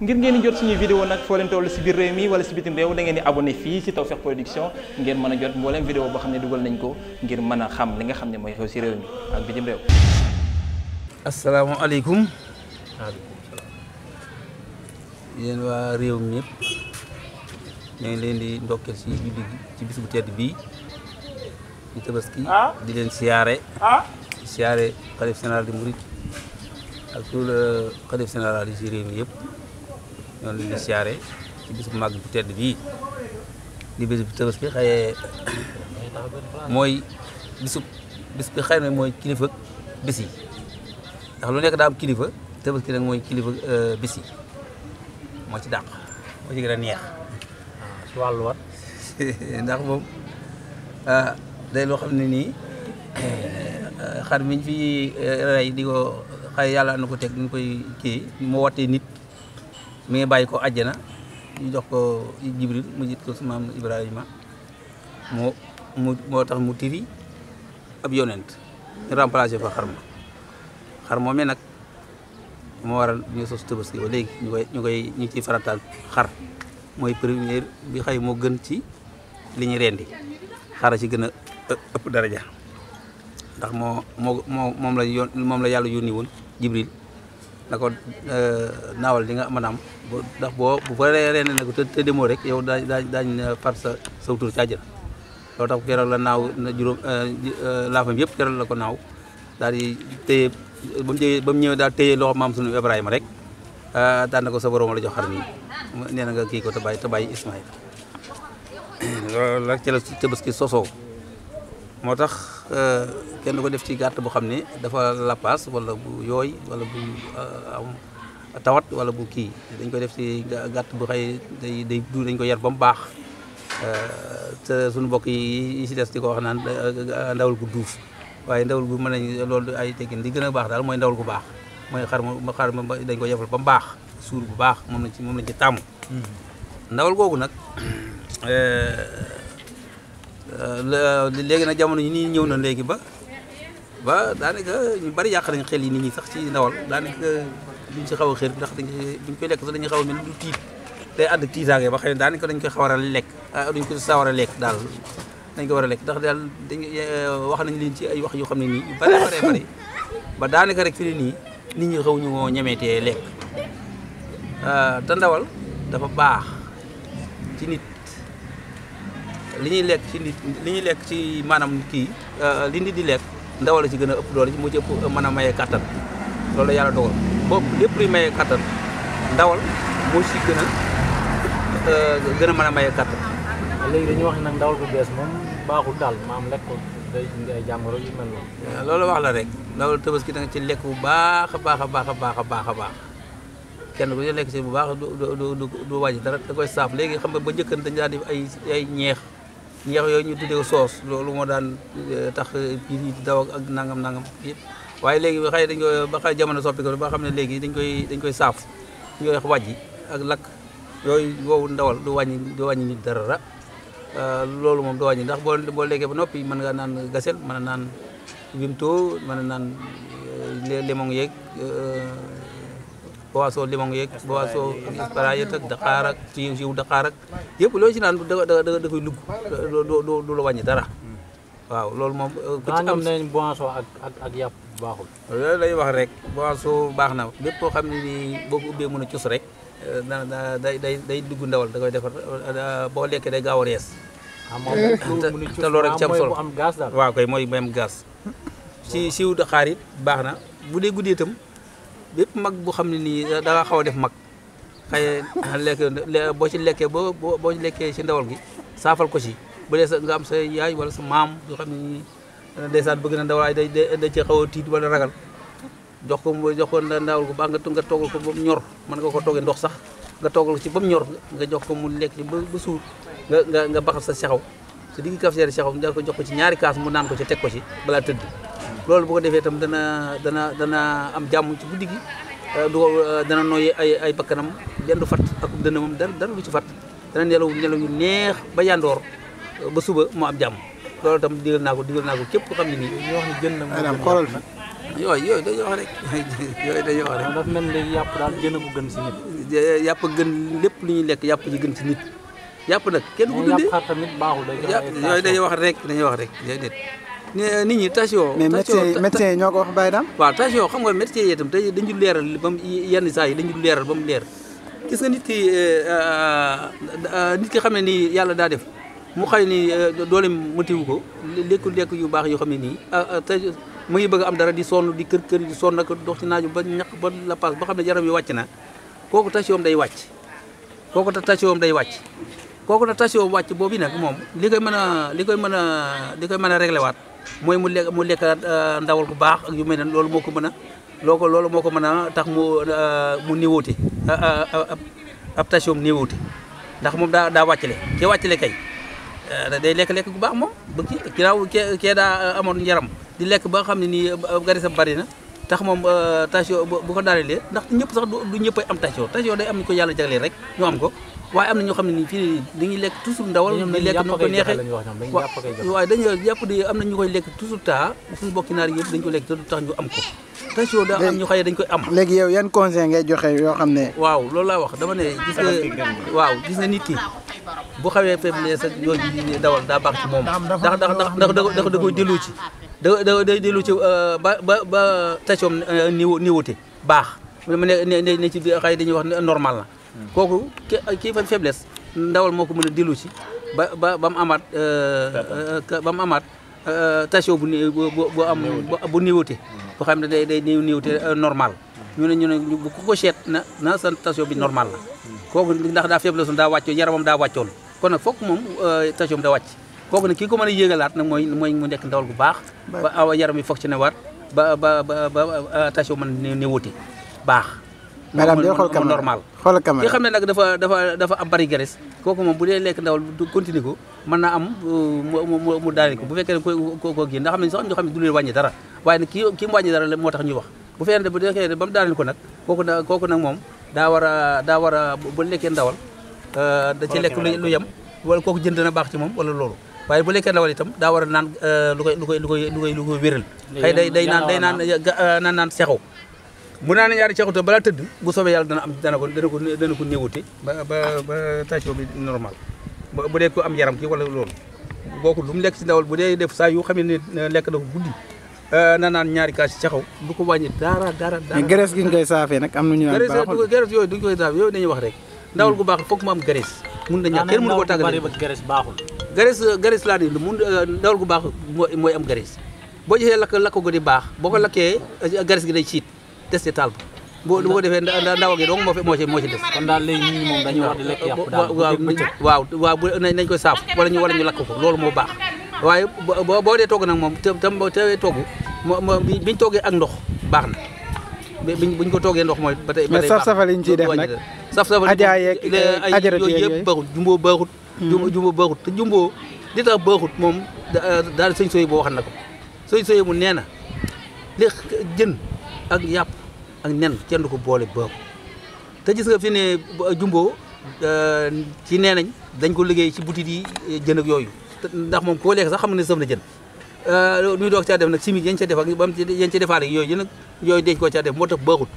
ngir ngeen di jot suñu vidéo nag foo leen toll si biir réew mi wala si bitim réew da ngeen di abonné fii si Tawfekh Production ngeen mën a jot mbooleem vidéo boo xam ne dugal nañ ko ngir mën a xam li nga xam ne mooy xew si réew mi ak bitim réew réew mi ñëpp leen di ndokkeel si ci bis bu tedd bii di ki di leen siyaare ah. siyaare xalif général di murit ak tout le xalif général yi si réew mi yëpp ñoo leen siyaare ci bis bu màgg bu tedd bii di bis bu tëbës bi xëyee mooy bisu bis bi xëy na mooy kilifa bis yi ndax lu nekk daa am kilifa tëbës ki nag mooy kilifa euh, bis yi moo ci dàq moo ci gën neex ah, ndax moom ah, day loo xam ne nii xar miñ fi rey di ko xëy yàlla na ko teg ñu koy kii mu watee nit mi ngi bàyyi ko ajjana ñu jox ko jibril mu jiit ko su maam ibrahima mu mu moo tax mu tiri ab yonent ñu remplacé fa xar ma xar moomee nag moo waral ñu sos tabaski ba léegi ñu koy ñu koy ñu ciy farataal xar mooy première bi xay moo gën ci li ñu rendi xara ci gën a ëpp daraja ndax moo moo moom la yoon moom la yàlla yónni woon jibril na euh, naawal li nga mën a am ndax boo bu fekkee ren ne ko te rek yow daañu daañu daañu far sa sa tur ca àjjana loolu tax keroog la naaw na juróom euh, euh, laafam yëpp keroog la ko naaw daal di téye ba mu jëyee ba ñëwee daal téye loxo maam sunu Ibrahima rek daan na ko sa borom la jox xar mi nee na nga kii ko te bàyyi te bàyyi Ismaïl loolu la ci la tëbaski sosoo moo tax. Eh, kenn du ko def ci gàtt bu xam ne dafa lappaas wala bu yooy wala bu eh, am tawat wala bu kii dañ koy def si gàtt bu xëy day day du dañ ko yar ba mu baax eh, te suñu mbokk yi si def di ko wax naan ndawal gu duuf waaye ndawal bu mën nañ loolu ay teggin di gën a baax daal mooy ndawal bu baax mooy xar ma xar ma dañ ko yefal ba mu baax suur bu baax moom nañ ci moom lañ ci tàmm mm-hmm. ndawal googu nag Euh, léegi nag jamono ñi nii ñëw na léegi ba ba daanaka ñu bari yàq dañ xel yi nit sax ci ndawal daanaka duñ si xaw a ndax dañ buñ koy lekk sax dañuy xaw a mel du tiit day ànd ak ba xëy na daanaka dañ koy xawar a lekk ah, duñ ko sawar a lekk daal dañ ko war a lekk ndax daal dañ euh, wax nañ leen ci ay wax yoo xam ne nii yu bari bari bari ba daanaka rek fi ne nii nit ñi xaw ñu moo ñemeetee lekk ah, te ndawal dafa baax ci nit li ñuy lekk ci nit li ñuy lekk ci maanaam kii euh, li nit di lekk ndaw la ci gën a ëpp doole ci moo ci ëpp euh, mën a maye kattan loolu yara yàlla dogal boobu lépp luy maye kattan ndawal moo ci gën a euh, a mën a maye dañuy wax nag ndawal bu bees moom baaxul daal maam lekk ko jàngoro yu mel noonu. loolu wax la rek ndawal tabaski da nga ci lekk bu baax a baax baax a baax a baax a baax kenn ku lekk ci bu baax du du du wàññi dara da koy saaf léegi xam ba njëkkan dañu daan def ay ay ñeex. ñeex yooyu ñu di tuddee soos loolu moo daan eh, tax biir eh, yi daw ak nangam nangam yëpp waaye léegi xëy dañ koy ba xëy jamono soppi ko ba xam ne léegi dañ koy dañ koy saaf ñu koy wax wàjji ak lakk yooyu woowu ndawal du wàññi du wàññi nit dara eh, loolu moom du wàññi ndax boo boo lekkee ba noppi mën nga naan gasel mën a naan wimto mën a naan limon yeeg boisson limon yeeg boisson spara yeeg ak daqaar ak yëpp loolu ci naan da da da koy dara waaw loolu moom ku am nañ boisson ak ak ak yàpp baaxul loolu lay wax rek boisson baax na lépp koo xam ne ni boo ko ubbee mën a rek eh, day day day dugg ndawal da koy defar boo lekkee day gaaw a rees ah, te loolu rek ci am solo waaw koy mooy bu am gaz ci siw daqaar it baax na bu dee guddee itam bépp mag bu xam ne nii da xaw a def mag xëy lekk boo ci lekkee boo boo ci lekkee ci ndawal gi saafal ko ci bu dee sa nga am sa yaay wala sa maam yoo xam ne nii ndeysaan bëgg na ndawalaay day day ci xaw a tiit wala ragal jox ko jox ko ndawal ko ba nga nga toggal ko mu ñor mën nga ko toggee ndox sax nga toggal ko ci ba mu ñor nga jox ko mu lekk ci ba suur nga nga nga baxal sa sexaw sa digg cafetière sexaw nga ko jox ko ci ñaari kaas mu naan ko ci teg ko ci balaa tëdd loolu bu defee itam dana dana dana am jàmm ci guddi gi euh, euh, dana nooy ay ay bakkanam yenn fat ak dana moom dara dara du ci fat dana nelaw nelaw yu neex ba yàndoor euh, ba suba moo am jàmm loolu itam digal naa ko digal naa ko képp ko xam ne nii. jën la maanaam xoolal fi. yooyu yooyu dañuy wax rek yooyu yàpp gën si yàpp gën lépp lu ñuy lekk yàpp ji gën si nit yàpp nag. kenn ku dundee mais yàpp baaxul. yooyu dañuy wax rek dañuy wax rek yooyu nit. nit ñi tension. mais médecin médecin ñoo ko wax Baye Dame. waaw xam nga médecin yi itam tey dañu leeral ba yenn saa yi dañu leeral ba mu leer gis nga nit ki eh, eh, eh, xam ne ni yàlla daa def mu xëy ni mu matiwu ko lekkul lekk yu baax yoo xam ne nii ah, ah, te mu ngi bëgg am dara di sonn di kër kër di son ak dox ci naaju ba ñaq ba la paas ba xam ne jaram yi wàcc na kooku tension am day wàcc kooku tension am day wàcc. kooku na tension wàcc boobu nag moom li koy mën a li koy mën a li koy mën a réglé waat. mooy mu lekk mu lekk uh, ndawal bu baax ak yu mel ne loolu moo ko mën a loo ko loolu moo ko mën a tax mu uh, mu niwóote uh, ab tasiom niwóote ndax moom daa daa wàccale ke wàccale kay day lekk-lekk bu baax moom ba ki ginaaw ke kee daa amoon njaram di lekk ba xam ne nii garisam bari na tax moom tasio bu ko daalelee ndax ñëpp sax du ñëpp am tasio tasio day am ni ko yàlla jagleel rek ñu am ko waaye am na ñoo xam ne nii fii dañuy lekk toujours ndawal di lekk noo ko neexee waaye dañu yàpp de am koy lekk toujours taa suñu bokki naar yëpp dañ ko lekk te du tax ñu koy am léegi yow yan conseil ngay joxe yoo xam ne waaw loolu laa wax dama ne gis nga waaw gis nga nit ki bu xawee faiblesse ak yooyu di dawal daa baax ci moom ndax ndax ndax ndax da koy dellu ci da day dellu ci euh, ba ba ba tension euh, niwute baax mu ne ne ne ci xëy dañuy wax normal la kooku kii fan faiblesse ndawal moo ko mën a dellu ci ba ba ba mu amaat euh, euh, ba mu amaat euh, tension bu n bu am bu néewate boo xam ne day day néew néewate normal ñu ne ñu ne bu na na sa tension bi normal la kooku ndax daa faiblesse am daa wàccoon yaramam daa wàccoon kon nag fokk moom tension bi daa wàcc kooku nag kii ko mën a yéegalaat nag mooy mooy mu nekk ndawal bu baax ba yaram bi fonctionné waat ba ba ba ba tension mën néewate baax madame day xool caméra normal xool ki xam ne nag dafa dafa dafa am bari graisse kooku moom bu dee lekk ndawal du continuer ko mën naa am euh, mu daane ko bu fekkee ne ko ko kii ndax xam ne sax ñoo xam ne du leen wàññi dara waaye nag kii kii mu wàññi dara moo tax ñuy wax bu fekkee ne bu dee ba mu daane ko nag kooku nag kooku nag moom daa war a daa war a bu lekkee ndawal euh, da ci lekk lu yem wala kooku jënd na baax ci moom wala loolu waaye bu lekkee ndawal itam daa war a naan euh, lu koy lu koy lu koy lu koy wéral xëy day day naan day naan naan naan sexu bu naanee ñaari caxuta balaa tëdd bu soobee yàlla dana am dana ko dana ko dana ko néewute ba ba ba tension normal bu dee ko am yaram ki wala loolu boo ko lu mu lekk si ndawal bu dee def saa yu xam ne lekk na ko guddi euh, na naan ñaari kaa si caxaw du ko wàññi dara dara dara. mais graisse gi ñu koy saafee nag am na ñu naan baaxul graisse yooyu duñ koy saafee yooyu dañuy wax rek ndawal gu baax foog mu am graisse mun na ñàkk kenn mënu ko tàggatoo graisse baaxul graisse graisse laa ni mun euh, ndawal mooy am graisse boo gisee lakk lakk ko baax boo ko lakkee euh, graisse gi day siit des ci taal boo boo defee ndaw gi dong moo fi moo ci moo ci des. kon daal moom dañuy wax di lekk yàpp daal waaw waaw nañ ko saaf wala ñu wala ñu lakk ko loolu moo baax waaye boo boo dee togg nag moom te tam tewee togg moo biñ toggee ak ndox baax na biñ buñ ko toggee ndox mooy. ba tey mais saf safal yi ñu ciy def nag. saf safal ajaa yeeg eh, ajara yooyu yëpp baaxut jumbo baaxut. Mm. jumbo baaxut te jumbo li tax baaxut moom daal sëñ sooy boo wax na ko sëñ sooy mu nee na li jën ak yàpp ak nen kenn du ko boole boobu te gis nga fi ne euh, jumbo euh, ci nee nañ dañ ko liggéey ci boutique yi euh, jën ak yooyu ndax moom koo lekk sax xam ne sëf na jën ñuy doog caa def nag simili yañ ca def ak bam yañ ca defaale yooyu yëpp yooyu denc koo caa def moo tax baaxul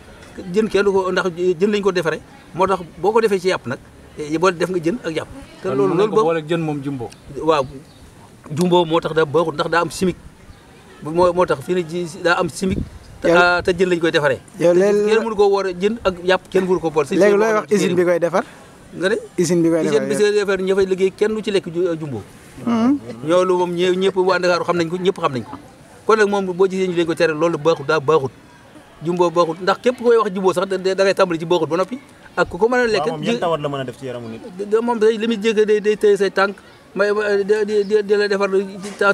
jën kenn du ko ndax jën lañ ko defaree moo tax boo ko defee ci yàpp nag eh, boo def nga jën ak yàpp. te loolu loolu boo jën moom jumbo. waaw jumbo moo tax da baaxul ndax daa am chimique moo moo tax fii nii daa am chimique. Ah, te jën lañ koy defare yow léegi kenn mënu koo woor jën ak yàpp kenn mënu ko bool. si léegi looy wax usine bi koy defar. nga bi koy defar usine liggéey kenn lu ci lekk euh, jumbo. ñoolu hmm. moom ñë ñëpp waa xam nañ ko ñëpp xam nañ ko kon nag moom boo gisee ñu leen ko tere loolu baaxut daa baaxut jumbo baaxut ndax képp koy wax jumbo sax da ngay tàmbali ci baaxut ba noppi ak ku ko mën a lekk moom yan tawat la mën a def ci yaramu nit moom day li muy jégg day day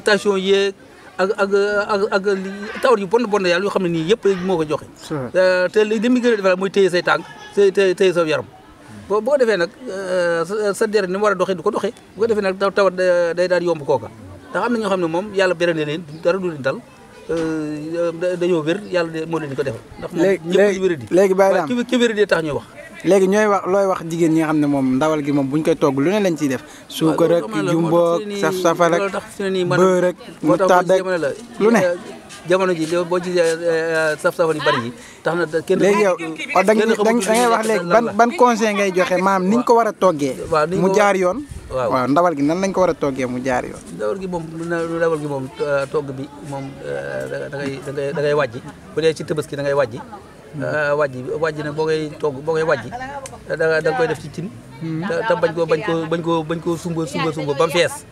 téye ak ak ak ak tawar yu bon bon yàlla yoo xam ne nii yëpp moo ko joxe. Euh, te li muy gën a defal mooy téye say tànk téye téye sa yaram. boo boo defee nag euh, sa der ni mu war a doxee du ko doxee bu ko defee nag tawar euh, day daal yomb kooka ndax am na ñoo xam ne moom yàlla berane leen dara du leen da dañoo wér yàlla moo leen di ko defal. léegi léegi léegi bàyyi daam ndax moom ñëpp wér di tax ñuy wax. léegi ñooy wax looy wax jigéen ñi nga xam ne moom ndawal gi moom buñ koy togg lu ne lañ ciy def suukar ak jumboog saf safal ak beurre ak moutarde ak lu ne jamono ji boo ci euh, euh, saf safal yu bari yi tax na kenn léegi yow ah, da ngay wax léegi ban ban conseil ngay joxe maam ni niñ ko war a toggee mu jaar yoon waaw ndawal gi nan lañ ko war a toggee mu jaar yoon ndawal gi moom ndawal gi moom euh, togg bi moom da ngay da ngay da ngay wàjji bu da ngay wàjji bi euh, wàjj nag boo koy togg boo koy wàjj da nga koy def ci cin te bañ ko bañ ko bañ ko bañ ko sumba sumba sumba ba mu fees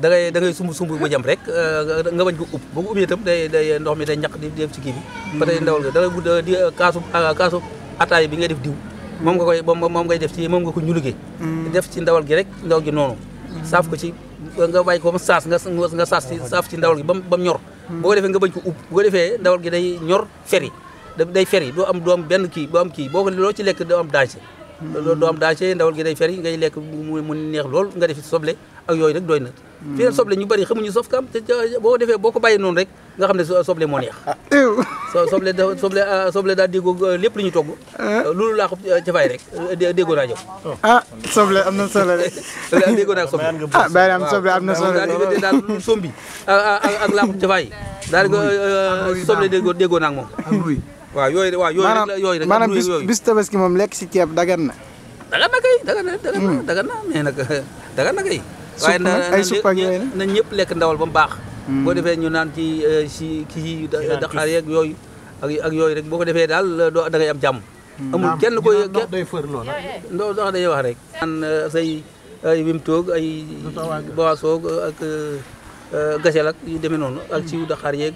da da ngay sumb sumb ba jëm rek euh, nga bañ ko ub boo ko day day ndox mi day ñaq di def ci kii bi ba tey ndawal da ngay gudd di euh, kaasu bi nga def diw moom nga koy moom ngay def ci moom nga ko ñulugee def ci ndawal gi rek ndawal gi noonu saaf ko ci nga bàyyi ko ba saas nga nga saas ci ci ndawal gi ba mu ñor boo ko defee nga bañ ko ub boo ko defee ndawal gi day ñor feri day feri doo am doo am benn kii doo am kii boo ko loo ci lekk doo am danger doo am danger ndawal gi day feri ngay lekk mu neex lool nga def soble a yooyu rek doy na fi ne soble ñu bëri xamuñu sof kaam te boo defee boo ko bàyyi noonu rek nga xam ne soble moo neex soble soble soble daal déggoo lépp lu ñu togg loolu laa ko rek déggoo naa soble am na solo de déggoo naa soble ah bàyyi am soble am na solo de daal ak laa ko ci daal soble déggoo déggoo naa ak moom waaw yooyu waaw yooyu rek la yooyu rek maanaam bis bis tabaski moom lekk si ceeb dagan na. dagan na kay dagan na dagan na hmm. mais nag dagan na kay. waaye na ay na ñëpp lekk ndawal ba mu baax. Hmm. boo defee ñu naan ci si euh, kii daxaar yeeg yooyu ak ak yooyu rek boo ko defee daal euh, doo da am jàmm. Hmm. amul kenn koy ndox day fër loola. ndox day wax rek. naan euh, say ay wim toog ay. boisson ak gasel ak yu demee noonu. ak ciw daxaar yeeg.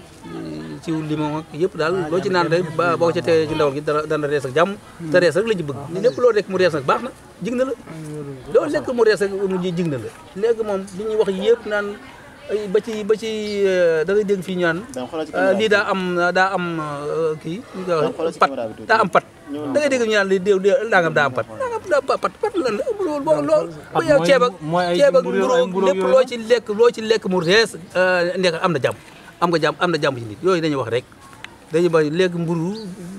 ciw limon ak yëpp daal ah, loo ci naan rek boo ca tee ci ndawal gi dana dana rees ak jàmm hmm. te rees la ci hmm. loo lekk mu rees nag baax na jig na la hmm, loo lekk mu rees rek mu jig la léegi moom li ñuy yëpp naan ba ci ba ci euh, da ngay dégg fii ñu naan euh, lii daa am daa am euh, kii pat daa am pat da ngay dégg ñu naan lii da pat pat lan loolu boo loolu ba yow ceeb ak loo ci lekk loo ci lekk mu rees ndek am na jàmm am nga jàmm am na jàmm ci nit yooyu dañuy wax rek dañuy bàyyi léegi mburu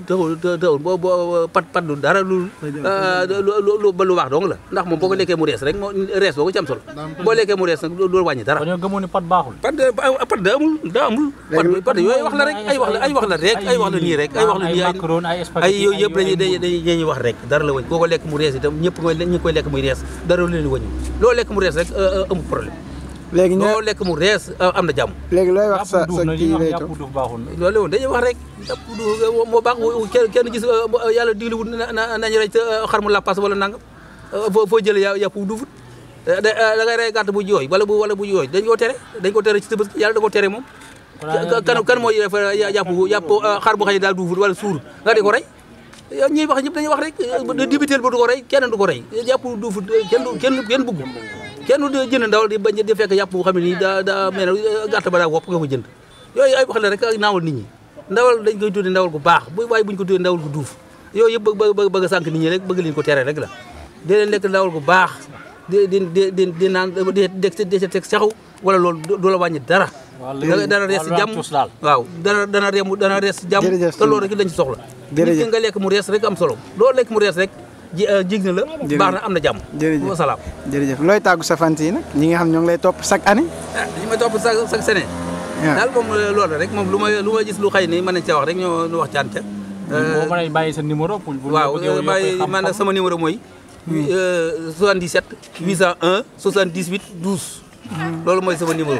taxul taxul boo la ndax moom yooyu wax la wax rek dara la wëñ ko lekk mu rees dara lu leen wëñu loolu lekk mu rees rek euh, euh, amul problème léegi ñu loo lekk mu rees am na jàmm. léegi looy wax sa sa kii lay toog loolu woon dañuy wax rek yàpp duuf eh, moo baax kenn kenn gis eh, yàlla digli na nañu rey eh, xar mu lappaas wala duufut da ngay rey bu jooy wala bu wala bu jooy dañ koo tere dañ ko tere ci tëbës yàlla da ko tere moom kan kan mooy yàpp xar bu xëy daal duufut wala suur nga di ko rey ñuy wax ñëpp dañuy wax rek dibitéel ba du ko rey kenn du ko rey yàpp duufut kenn kenn bugg kenn du jënd ndawal di bañ fekk yàpp boo xam ne nii daa daa mel ne gàtt ba daa wopp nga ko jënd yooyu ay wax la rek ak naawal nit ñi ndawal dañ koy tuddee ndawal gu baax bu waaye buñ ko tuddee ndawal gu duuf yooyu yëpp bëgg bëgg a sànq rek bëgg leen ko tere rek la di leen lekk ndawal gu baax di di di di di naan di di teg saxu wala loolu du la wàññi dara dana rees si jàmm waaw dana dana reem dana rees si jàmm te loolu rek lañ ci soxla nit ki nga lekk mu rees rek am solo loolu lekk mu rees rek jig euh, na la. jërëjëf baax na am na jàmm. jërëjëf jërëjëf looy tàggu sa fant yi nag ñi nga xam ñoo ngi lay topp chaque année. ah li topp chaque chaque année. daal moom euh, loolu rek moom lu may lu may gis lu xay ni mën nañ cee wax rek ñoo nu wax caan ca. boo mënee euh, bàyyi sa numéro. pour bu waaw bàyyi man nag sama numéro mooy. 77. 801 78 12. loolu mooy sama numéro.